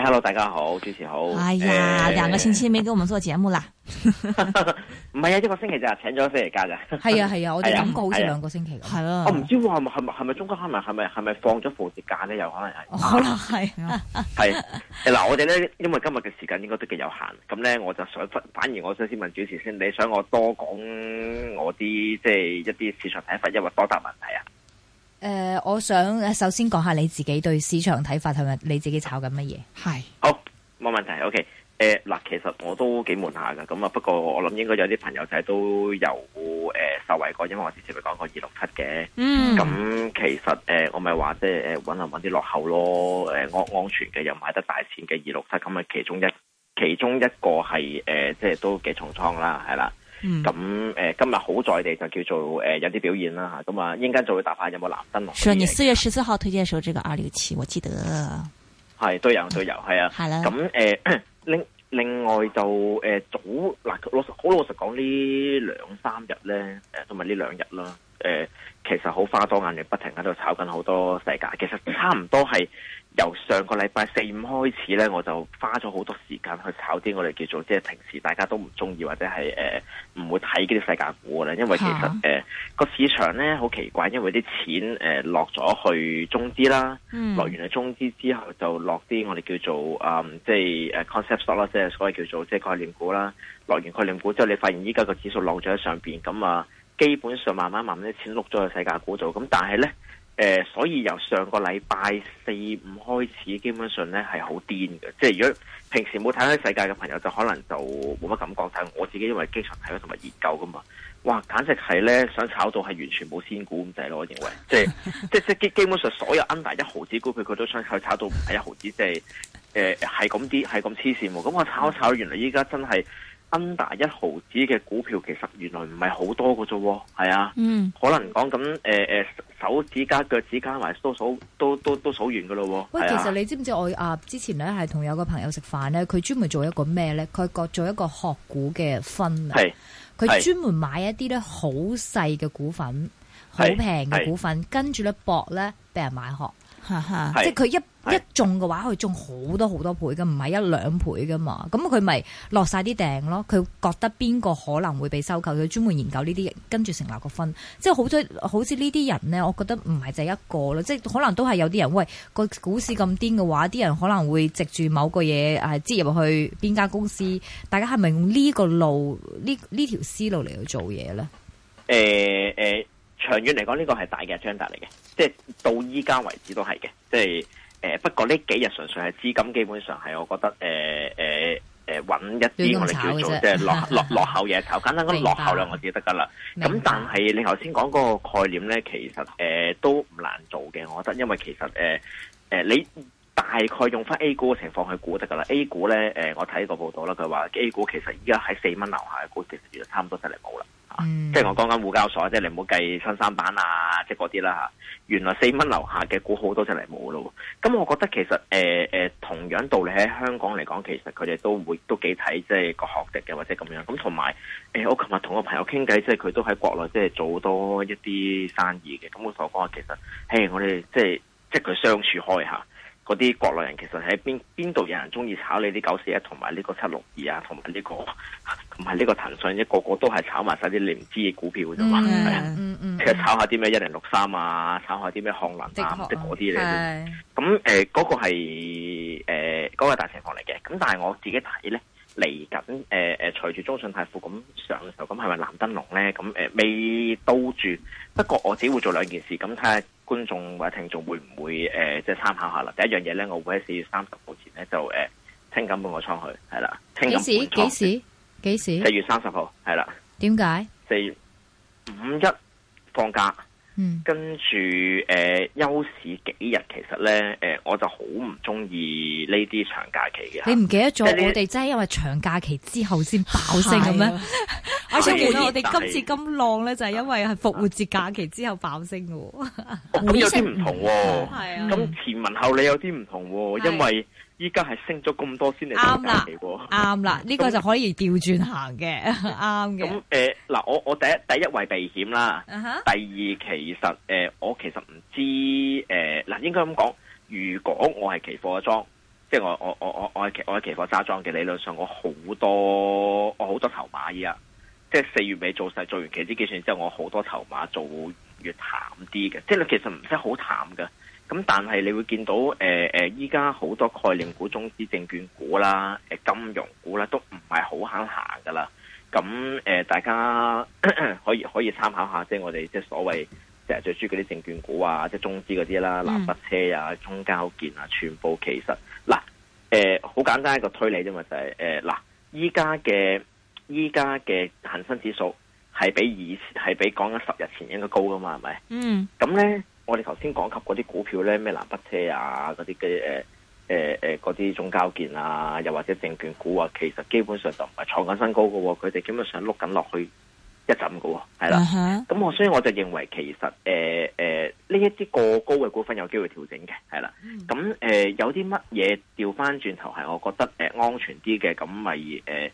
hello 大家好，主持好。哎呀，兩個星期未俾我們做節目啦。唔係啊，一個星期就請咗星期假咋。係啊係啊，我哋感覺好似兩個星期。係我唔知喎，係咪係咪係咪中國公民？係咪係咪放咗復活節假呢？有可能係。可能係。係。嗱，我哋咧，因為今日嘅時間應該都幾有限，咁咧我就想，反而我想先問主持先，你想我多講我啲即係一啲市場睇法，抑或多答問題啊？誒、呃，我想首先講下你自己對市場睇法係咪？同埋你自己炒緊乜嘢？係是，好冇問題。OK，誒嗱，其實我都幾悶下噶，咁啊，不過我諗應該有啲朋友仔都有誒、呃、受惠過，因為我之前咪講過二六七嘅，咁、嗯、其實誒、呃、我咪話即係搵下搵啲落後咯，誒、呃、安安全嘅又買得大錢嘅二六七，咁啊其中一其中一個係誒、呃、即係都幾重倉啦，係啦。咁誒、嗯呃，今日好在地就叫做誒、呃、有啲表現啦吓，咁啊應跟做嘅大法有冇藍燈？說你四月十四號推薦嘅時候，呢個二六七我記得係都有都有係、嗯、啊，係啦。咁誒另另外就誒早嗱老實好老實講呢兩三日咧，誒同埋呢兩日啦。誒、呃，其實好花多眼力，不停喺度炒緊好多世界。其實差唔多係由上個禮拜四五開始咧，我就花咗好多時間去炒啲我哋叫做即係平時大家都唔中意或者係誒唔會睇嘅啲世界股啦，因為其實誒個、啊呃、市場咧好奇怪，因為啲錢誒、呃、落咗去中資啦，嗯、落完去中資之後就落啲我哋叫做誒即係 concept stock 啦，即係、uh, 所謂叫做即係概念股啦。落完概念股之後，你發現依家個指數落咗喺上邊，咁啊。基本上慢慢慢慢啲錢碌咗去世界股度，咁但係呢，誒、呃，所以由上個禮拜四五開始，基本上呢係好癲嘅，即係如果平時冇睇開世界嘅朋友，就可能就冇乜感覺。但係我自己因為經常睇啊同埋研究噶嘛，哇，簡直係呢，想炒到係完全冇仙股咁滯咯，我認為，即係 即係基本上所有 under 一毫子股票，佢都想去炒到唔係一毫子，即係誒係咁啲係咁黐線喎。咁、呃、我炒一炒原來，依家真係。under 一毫子嘅股票，其實原來唔係好多嘅啫，係啊，嗯、可能講緊誒誒手指加腳趾加埋，都數都都都數完噶咯。啊、喂，其實你知唔知我啊？之前咧係同有個朋友食飯咧，佢專門做一個咩咧？佢割做一個殼股嘅 fund< 是>，係佢專門買一啲咧好細嘅股份，好平嘅股份，跟住咧博咧俾人買殼。哈哈是即係佢一是一中嘅話，佢中好多好多倍㗎，唔係一兩倍㗎嘛。咁佢咪落晒啲訂咯？佢覺得邊個可能會被收購？佢專門研究呢啲，跟住成立個分。即係好多，好似呢啲人呢，我覺得唔係就一個咯。即係可能都係有啲人，喂，個股市咁癲嘅話，啲人可能會藉住某個嘢誒，即入去邊間公司？大家係咪用呢個路呢呢條思路嚟去做嘢呢？欸欸長遠嚟講，呢、這個係大嘅張達嚟嘅，即、就、係、是、到依家為止都係嘅。即係誒，不過呢幾日純粹係資金，基本上係我覺得誒誒誒，揾、呃呃、一啲我哋叫做即係落 落落後嘢炒，簡單咁白落後兩個字就得噶啦。咁白但係你頭先講嗰個概念咧，其實誒、呃、都唔難做嘅，我覺得，因為其實誒誒、呃，你大概用翻 A 股嘅情況去估得噶啦。A 股咧，誒、呃，我睇過報道啦，佢話 A 股其實而家喺四蚊樓下嘅股，其實就差唔多就嚟冇啦。 啊、即係我講緊滬交所，即係你唔好計新三板啊，即係嗰啲啦吓。原來四蚊樓下嘅股好多隻嚟冇咯。咁我覺得其實誒誒、呃呃，同樣道理喺香港嚟講，其實佢哋都會都幾睇即係個學歷嘅或者咁樣。咁同埋誒，我琴日同個朋友傾偈，即係佢都喺國內即係做多一啲生意嘅。咁、嗯、我想講，其實誒，我哋即係即係佢相處開下。嗰啲國內人其實喺邊邊度有人中意炒你啲九四一同埋呢個七六二啊，同埋呢個同埋呢個騰訊、啊，一個個都係炒埋晒啲你唔知嘅股票嘅啫嘛，係啊，即係炒下啲咩一零六三啊，炒一下啲咩漢能啊，即嗰啲咧。咁誒嗰個係誒嗰個大情況嚟嘅。咁但係我自己睇咧。嚟緊誒誒，隨住中信泰富咁上嘅時候，咁係咪藍燈籠咧？咁未兜住，不過我只會做兩件事，咁睇下觀眾或者聽眾會唔會誒，即、呃、係、就是、參考下啦。第一樣嘢咧，我會喺四月三十號前咧就誒、呃、清緊半個倉去，係啦，清緊半個倉。幾時？幾時？四月三十號，係啦。點解？四月五一放假。嗯，跟住誒、呃、休市幾日，其實咧誒、呃、我就好唔中意呢啲長假期嘅。你唔記得咗我哋真係因為長假期之後先爆升嘅咩？而且原來我哋今次咁浪咧，就係因為係、啊、 復活節假期之後爆升喎。咁有啲唔同喎。啊。咁前文後理有啲唔同喎、啊，啊、因為。依家係升咗咁多先嚟，啱啦，啱啦了，呢、 嗯、個就可以調轉行嘅，啱、嗯、嘅。咁誒嗱，我我第一第一為避險啦，uh huh. 第二其實誒、呃、我其實唔知誒嗱、呃，應該咁講，如果我係期貨嘅莊，即係我我我我我我係期貨揸莊嘅，理論上我好多我好多籌碼依家，即係四月尾做曬做完期指計算之後，我好多籌碼做越淡啲嘅，即係其實唔使好淡嘅。咁但係你會見到誒依家好多概念股、中資證券股啦、呃、金融股啦，都唔係好肯行噶啦。咁、嗯、誒、呃，大家咳咳可以可以參考下，即係我哋即係所謂成日最輸嗰啲證券股啊，即係中資嗰啲啦、嗯、南北車啊、中交建啊，全部其實嗱誒，好、呃、簡單一個推理啫嘛，就係誒嗱，依家嘅依家嘅恆生指數係比以前係比講緊十日前應該高噶嘛，係咪？嗯。咁咧。我哋頭先講及嗰啲股票咧，咩南北車啊，嗰啲嘅誒誒誒嗰啲中交建啊，又或者證券股啊，其實基本上就唔係創緊新高嘅、哦，佢哋基本上碌緊落去一陣嘅、哦，係啦。咁我、uh huh. 所以我就認為其實誒誒呢一啲過高嘅股份有機會調整嘅，係啦。咁誒、uh huh. 呃、有啲乜嘢調翻轉頭係我覺得誒安全啲嘅，咁咪誒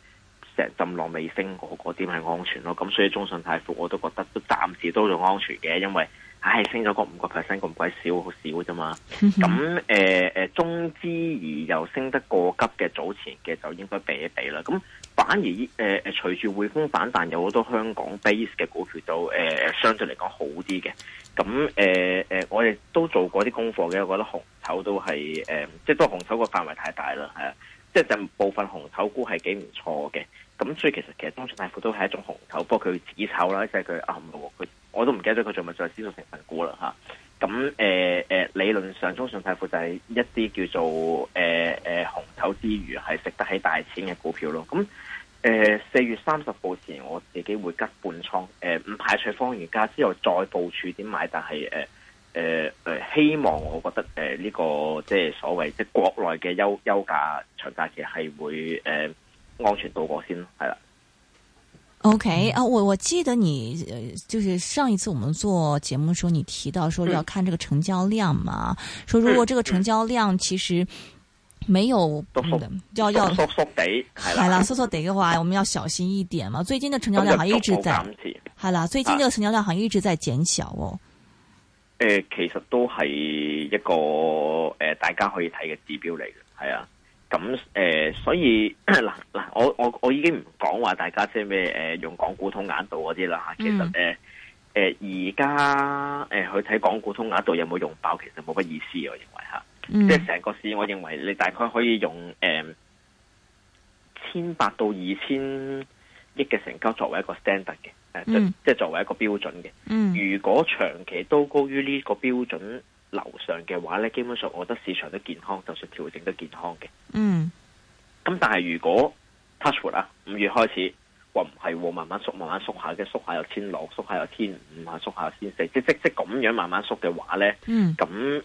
成陣浪未升嗰啲係安全咯。咁所以中信泰富我都覺得都暫時都仲安全嘅，因為。唉、哎，升咗個五個 percent，咁鬼少，好少啫嘛。咁誒誒，中資而又升得過急嘅早前嘅，就應該避一避啦。咁反而誒誒、呃，隨住匯豐反彈，有好多香港 base 嘅股票都誒、呃、相對嚟講好啲嘅。咁誒誒，我哋都做過啲功課嘅，我覺得紅籌都係誒，即係都紅籌個範圍太大啦，係啊，即、就、係、是、部分紅籌股係幾唔錯嘅。咁所以其實其實東中證大盤都係一種紅籌、就是啊，不過佢紫炒啦，即係佢暗佢。我都唔記得咗佢仲咪做係資產成分股啦嚇，咁誒誒理論上中信泰富就係一啲叫做誒誒、啊啊、紅籌之餘係食得起大錢嘅股票咯。咁誒四月三十號前我自己會沽半倉，誒、啊、唔排除放完假之後再部署點買，但係誒誒誒希望我覺得誒呢、啊這個即係所謂即係國內嘅優優價長假期係會誒、啊、安全度過先，係啦。OK 啊，我我記得你就是上一次我們做節目的時候，你提到說要看這個成交量嘛，嗯、說如果這個成交量其實沒有要要，是啦，縮縮地嘅話，我們要小心一點嘛。嗯、最近的成交量還一直在，是啦、嗯，最近這個成交量好像一直在減小哦。誒、嗯，其實都係一個誒、呃、大家可以睇嘅指標嚟嘅，係啊。咁誒、呃，所以嗱嗱，我我我已經唔講話大家即係咩誒用港股通額度嗰啲啦嚇。嗯、其實誒誒，而家誒去睇港股通額度有冇用爆，其實冇乜意思我認為嚇。即係成個市，我認為你大概可以用誒千八到二千億嘅成交作為一個 standard 嘅誒、嗯呃，即即係作為一個標準嘅。嗯、如果長期都高於呢個標準，樓上嘅話咧，基本上我覺得市場都健康，就算調整得健康嘅。嗯。咁但係如果 touchwood 啊，五月開始，話唔係，慢慢縮，慢慢縮下的，跟住縮下又天六，縮下又天五，吓縮下天四，即即即咁樣慢慢縮嘅話咧，咁誒誒，呢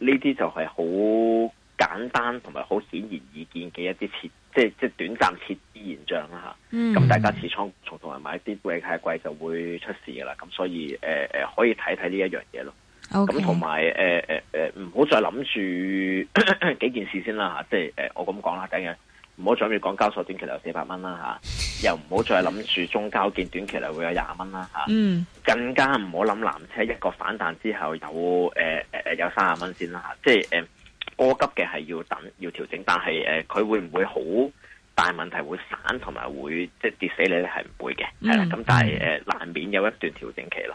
啲、呃、就係好簡單同埋好顯然易見嘅一啲撤，即即短暫撤資現象啦吓。咁、嗯、大家撤倉，從同埋買啲貴太貴就會出事噶啦。咁所以，誒、呃、誒，可以睇睇呢一樣嘢咯。咁同埋誒誒誒，唔好 Okay.、呃呃呃、再諗住 幾件事先啦吓，即係誒、呃、我咁講啦，梗係唔好再講港交所短期內有四百蚊啦吓，又唔好再諗住中交建短期內會有廿蚊啦吓，啊 mm. 更加唔好諗纜車一個反彈之後有誒誒誒有三十蚊先啦吓，即係誒過急嘅係要等要調整，但係誒佢會唔會好大問題會散同埋會即係跌死你咧？係唔會嘅，係啦，咁但係誒、mm. 難免有一段調整期咯。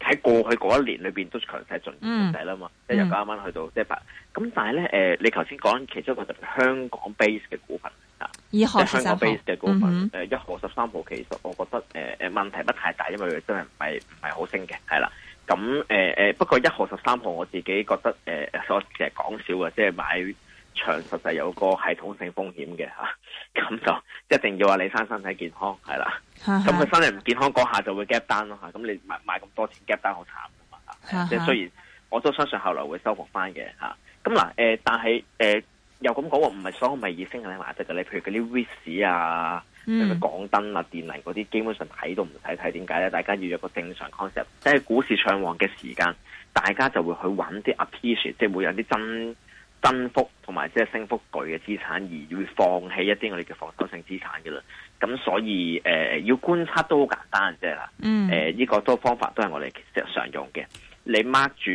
喺過去嗰一年裏邊都強勢進步勢啦嘛，即係、嗯、由啱啱去到即係百，咁、就是、但係咧誒，你頭先講其中一個特別香港 base 嘅股份啊，即係香港 base 嘅股份誒、嗯哼呃、一號十三號，其實我覺得誒誒、呃、問題不太大，因為佢真係唔係唔係好升嘅，係啦，咁誒誒不過一號十三號我自己覺得誒所其實講少嘅，即、呃、係、就是、買。長實就有個系統性風險嘅嚇，咁就一定要話你生身體健康係啦。咁佢 身體唔健康嗰下就會 gap 單咯嚇，咁你買買咁多錢 gap 單好慘㗎嘛，即係雖然我都相信後來會收復翻嘅嚇。咁嗱誒，但係誒、呃、又咁講喎，唔係所以唔咪以星人嚟買得嘅。你譬如嗰啲 whisk 啊、嗯、或者港燈啊、電力嗰啲，基本上睇都唔使睇，點解咧？大家要有個正常 concept，即係股市暢旺嘅時間，大家就會去揾啲 appeal，即係會有啲真。增幅同埋即係升幅巨嘅資產，而要放棄一啲我哋嘅防守性資產嘅啦。咁所以誒、呃、要觀察都好簡單嘅啫啦。誒、呃、呢、嗯、個都方法都係我哋其實常用嘅。你 mark 住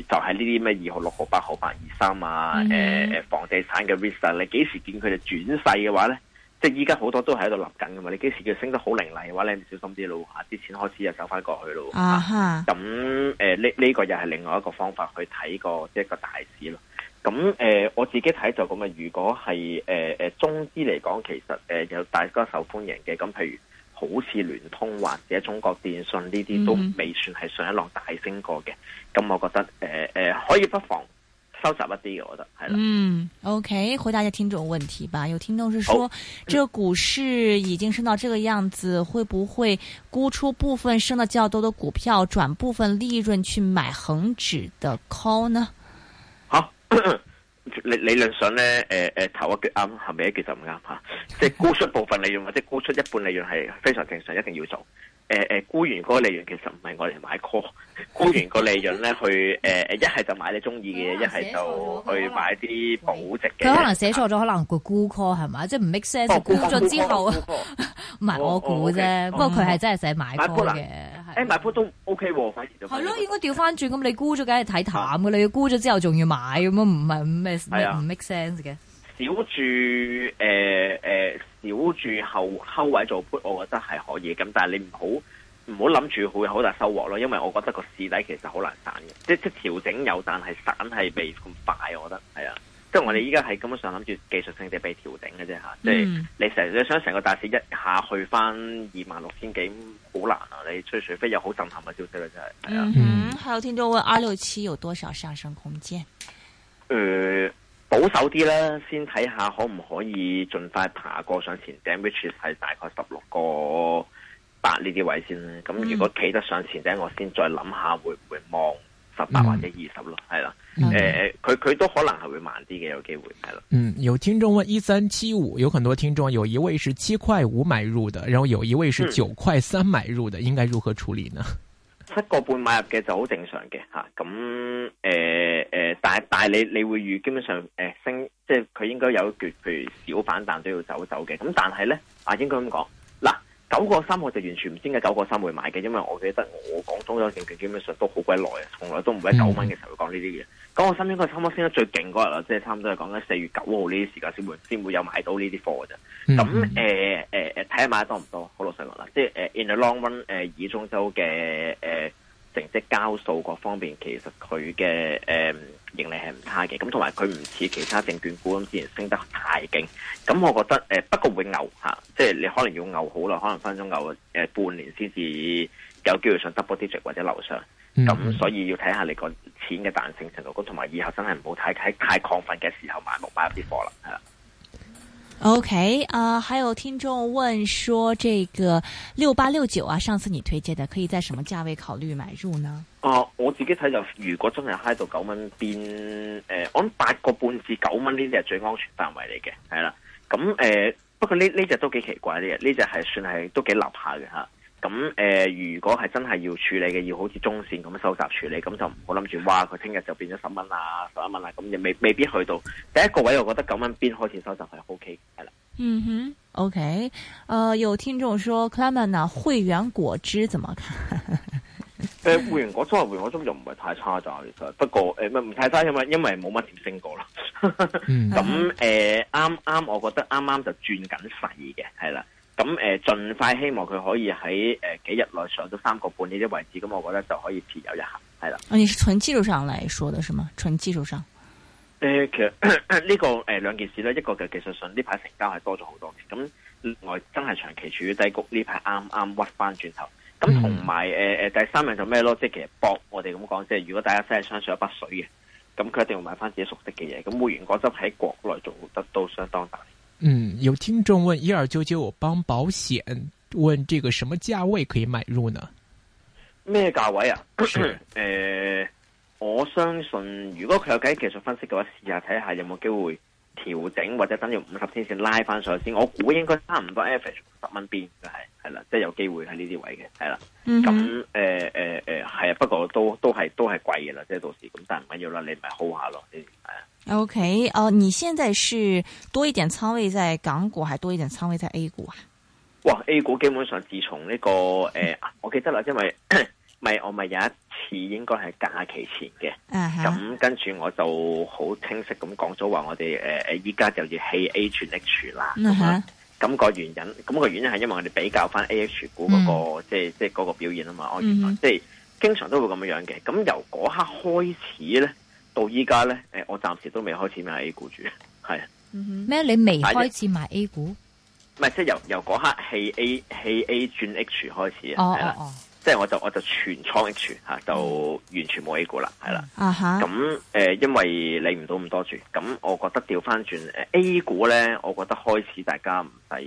就係呢啲咩二號六號八號八二三啊誒誒、嗯呃、房地產嘅 risk，你幾時見佢哋轉勢嘅話咧？即係依家好多都喺度立緊噶嘛，你幾時叫佢升得好凌厲嘅話，你唔小心啲咯，啲錢開始又走翻過去咯。咁誒呢呢個又係另外一個方法去睇個即係、這個大市咯。咁、啊、誒、呃、我自己睇就咁啊，如果係誒誒中資嚟講，其實誒、呃、有大家受歡迎嘅，咁譬如好似聯通或者中國電信呢啲都未算係上一浪大升過嘅，咁、mm hmm. 我覺得誒誒、呃呃、可以不妨。稍差一點，我覺得，嗯，OK，回答一下聽眾問題吧。有聽眾是說，哦、這股市已經升到這個樣子，會不會沽出部分升得較多的股票，轉部分利潤去買恒指的 call 呢？好。咳咳理理論上咧，誒、呃、誒，頭一腳啱，咪一其實唔啱吓。即係沽出部分利潤，或者沽出一半利潤係非常正常，一定要做。誒、呃、誒，沽完嗰個利潤其實唔係我哋買 call，沽完個利潤咧去誒，一、呃、係就買你中意嘅，嘢，一係就去買啲保值。嘅。佢可能寫錯咗，可能會沽 call 係咪？即係唔 make sense、哦。沽咗之後，唔係我估啫，不過佢係真係寫買 call 嘅、嗯。啊。誒、欸嗯、買 put 都 OK 喎，反而就係咯，對了應該調翻轉咁，了你沽咗梗係睇淡嘅，的你沽咗之後仲要買咁樣，唔係唔咩唔 make sense 嘅、呃。少住誒少住後后位做 put，我覺得係可以咁，但係你唔好唔好諗住會好大收穫咯，因為我覺得個市底其實好難散嘅，即即調整有，但係散係未咁快，我覺得係啊。即係我哋依家係根本上諗住技術性地被調整嘅啫吓，嗯、即係你成日想成個大市一下去翻二萬六千幾好難啊！你吹除非有好震撼嘅消息咧，真係。嗯，還有聽眾問：二六七有多少上升空間？誒、呃，保守啲咧，先睇下可唔可以盡快爬過上前頂，which 係大概十六個八呢啲位先咧。咁、嗯、如果企得上前頂，我先再諗下會唔會望。十八或者二十咯，係啦的，誒、嗯，佢佢、呃、都可能係會慢啲嘅，有機會係啦。嗯，有聽眾問一三七五，有很多聽眾，有一位是七塊五買入的，然後有一位是九塊三買入的，嗯、應該如何處理呢？七個半買入嘅就好正常嘅吓，咁誒誒，但係但係你你會預，基本上誒、呃、升，即係佢應該有段譬如小反彈都要走走嘅，咁但係呢，啊，應該咁講。九個三，我就完全唔知點解九個三會買嘅，因為我記得我講中州證券基本上都好鬼耐啊，從來都唔會喺九蚊嘅時候講呢啲嘢。九個三應該三蚊升得最勁嗰日啦，即係差唔多係講緊四月九號呢啲時間先會先會有買到呢啲貨嘅啫。咁誒誒睇下買得多唔多，好老實講啦，即係、呃、In a long run 誒、呃，以中州嘅誒。呃成績交數各方面，其實佢嘅誒盈利係唔差嘅。咁同埋佢唔似其他證券股咁，之前升得太勁。咁我覺得誒、呃，不過會牛、啊、即係你可能要牛好耐，可能分分鐘牛、呃、半年先至有機會上 double digit 或者樓上。咁、嗯、哼所以要睇下你個錢嘅彈性程度，同埋以後真係唔好太喺太亢奮嘅時候買，冇買入啲貨啦。OK 啊、呃，還有聽眾問說，這個六八六九啊，上次你推薦的，可以在什麼價位考慮買入呢？哦、呃，我自己睇就，如果真係嗨到九蚊，變誒，我諗八個半至九蚊呢隻係最安全範圍嚟嘅，係啦。咁、嗯、誒、呃，不過呢呢隻都幾奇怪啲嘅，呢隻係算係都幾立下嘅吓。咁、呃、如果係真係要處理嘅，要好似中線咁收集處理，咁就唔好諗住，哇！佢聽日就變咗十蚊啦，十一蚊啦，咁亦未未必去到第一個位。我覺得九蚊邊開始收集係 O K，係啦。嗯哼，O K。誒、okay 呃，有聽眾說，Clement 啊，匯源果汁怎麼看誒，匯 源、呃、果汁啊，匯源果汁就唔係太差咋，其實不過唔、呃、太差，因為因為冇乜點升過啦。咁啱啱我覺得啱啱就轉緊勢嘅，係啦。咁誒，盡、呃、快希望佢可以喺誒、呃、幾日內上到三個半呢啲位置，咁我覺得就可以持有一下，係啦、啊。你係純技術上來說嘅，是嗎？純技術上？誒、呃，其實呢、這個誒、呃、兩件事咧，一個嘅技術上，呢排成交係多咗好多嘅，咁我真係長期處於低谷，呢排啱啱屈翻轉頭。咁同埋誒誒，第三樣就咩咯？即係其實博我哋咁講，即係如果大家真係相信有筆水嘅，咁佢一定要買翻自己熟悉嘅嘢。咁匯源果汁喺國內做得都相當大。嗯，有聽眾問一二九九友邦保險，問這個什麼價位可以買入呢？咩價位啊？誒是、呃，我相信如果佢有計技術分析嘅話，試下睇下有冇機會。調整或者等住五十天線拉翻上去先，我估應該差唔多 a 十蚊邊就係係啦，即係有機會喺呢啲位嘅係啦。咁誒誒誒，係啊、嗯哼呃呃，不過都都係都係貴嘅啦，即係到時咁但係唔緊要啦，你咪 hold 下咯。你係。O K 哦，你現在是多一點倉位在港股，還多一點倉位在 A 股啊？哇，A 股基本上自從呢、這個誒、呃，我記得啦，因為。 咪我咪有一次，應該係假期前嘅，咁、uh huh. 跟住我就好清晰咁講咗話，我哋誒誒依家就要棄 A 轉 H 啦。咁、uh huh. 個原因，咁、嗰個原因係因為我哋比較翻 A H 股嗰、嗰個、mm. 即係即係嗰個表現啊嘛，即係、mm hmm. 經常都會咁樣嘅。咁由嗰刻開始咧，到依家咧，誒我暫時都未開始買 A 股住，係咩？Mm hmm. 但你未開始買 A 股？唔係即係由由嗰刻棄 A 棄 A 轉 H 開始啊！哦哦。即係我就我就全倉 H 嚇、啊，就完全冇 A 股啦，係啦。咁、uh huh. 呃、因為理唔到咁多住，咁我覺得調翻轉 A 股咧，我覺得開始大家唔使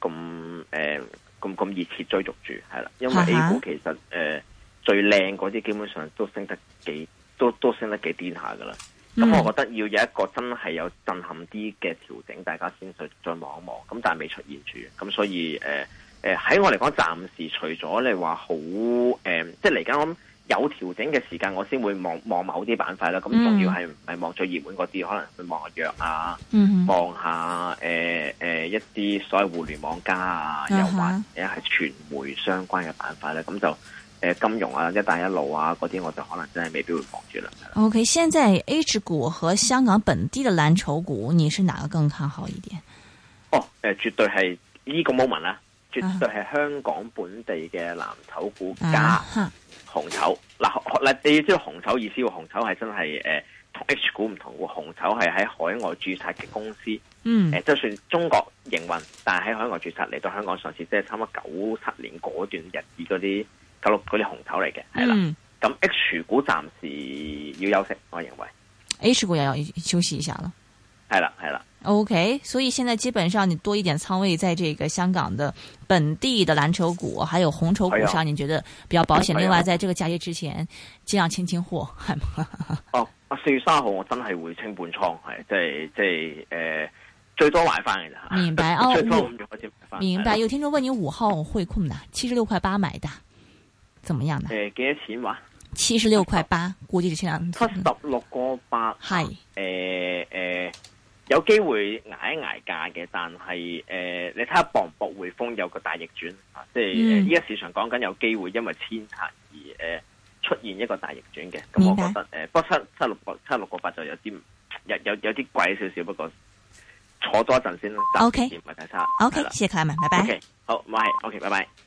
咁咁咁熱切追逐住，係啦，因為 A 股其實誒、呃 uh huh. 最靚嗰啲基本上都升得幾，都都升得幾癲下噶啦。咁我覺得要有一個真係有震撼啲嘅調整，大家先再再望一望。咁但係未出現住，咁所以誒。呃誒，喺、呃、我嚟講，暫時除咗你話好誒，即係嚟緊有調整嘅時間我，我先會望望某啲板塊啦。咁仲、嗯、要係唔係望最熱門嗰啲，可能會望下藥啊，望、嗯、哼下誒誒、呃呃、一啲所謂互聯網加啊，啊哈又或者係傳媒相關嘅板塊咧。咁、嗯、就誒、呃、金融啊，一帶一路啊嗰啲，我就可能真係未必會望住啦。O K，現在 H 股和香港本地嘅藍籌股，你是哪個更看好一點？哦，誒、呃，絕對係呢個 moment 啦。絕對係香港本地嘅藍籌股加、uh huh. 紅籌，嗱，嗱你要知道紅籌意思喎，紅籌係真係誒、呃、，同 H 股唔同喎，紅籌係喺海外註冊嘅公司，誒、mm. 呃，就算中國營運，但係喺海外註冊嚟到香港上市，即係差唔多九七年嗰段日子嗰啲九六嗰啲紅籌嚟嘅，係啦、mm.。咁 H 股暫時要休息，我認為 H 股又要休息一下啦。係啦係啦，OK，所以現在基本上你多一點倉位在這個香港的本地的藍籌股，還有紅籌股上，你覺得比較保險。了另外，在這個假期之前，盡量清清貨。係咪？哦，啊，四月三號我真係會清半倉，係即係即係誒，最多買翻嘅咋？明白哦，明白。有聽眾問你五號匯控嘅，七十六塊八買的，怎麼樣呢？誒、呃，幾多錢話、啊？塊 8, 七十六塊八，估計就七廿蚊。七十六個八十，係誒誒。呃有機會捱一捱價嘅，但係誒、呃，你睇下博博匯豐有個大逆轉啊！即係呢、嗯呃而家市場講緊有機會，因為千差而誒、呃、出現一個大逆轉嘅。咁我覺得誒，七七六百七六個八就有啲有有有啲貴少少，不過坐多一陣先啦。O K，唔係太差。O K，謝謝客人們，拜拜、okay。好。O K，好唔係，O K，拜拜。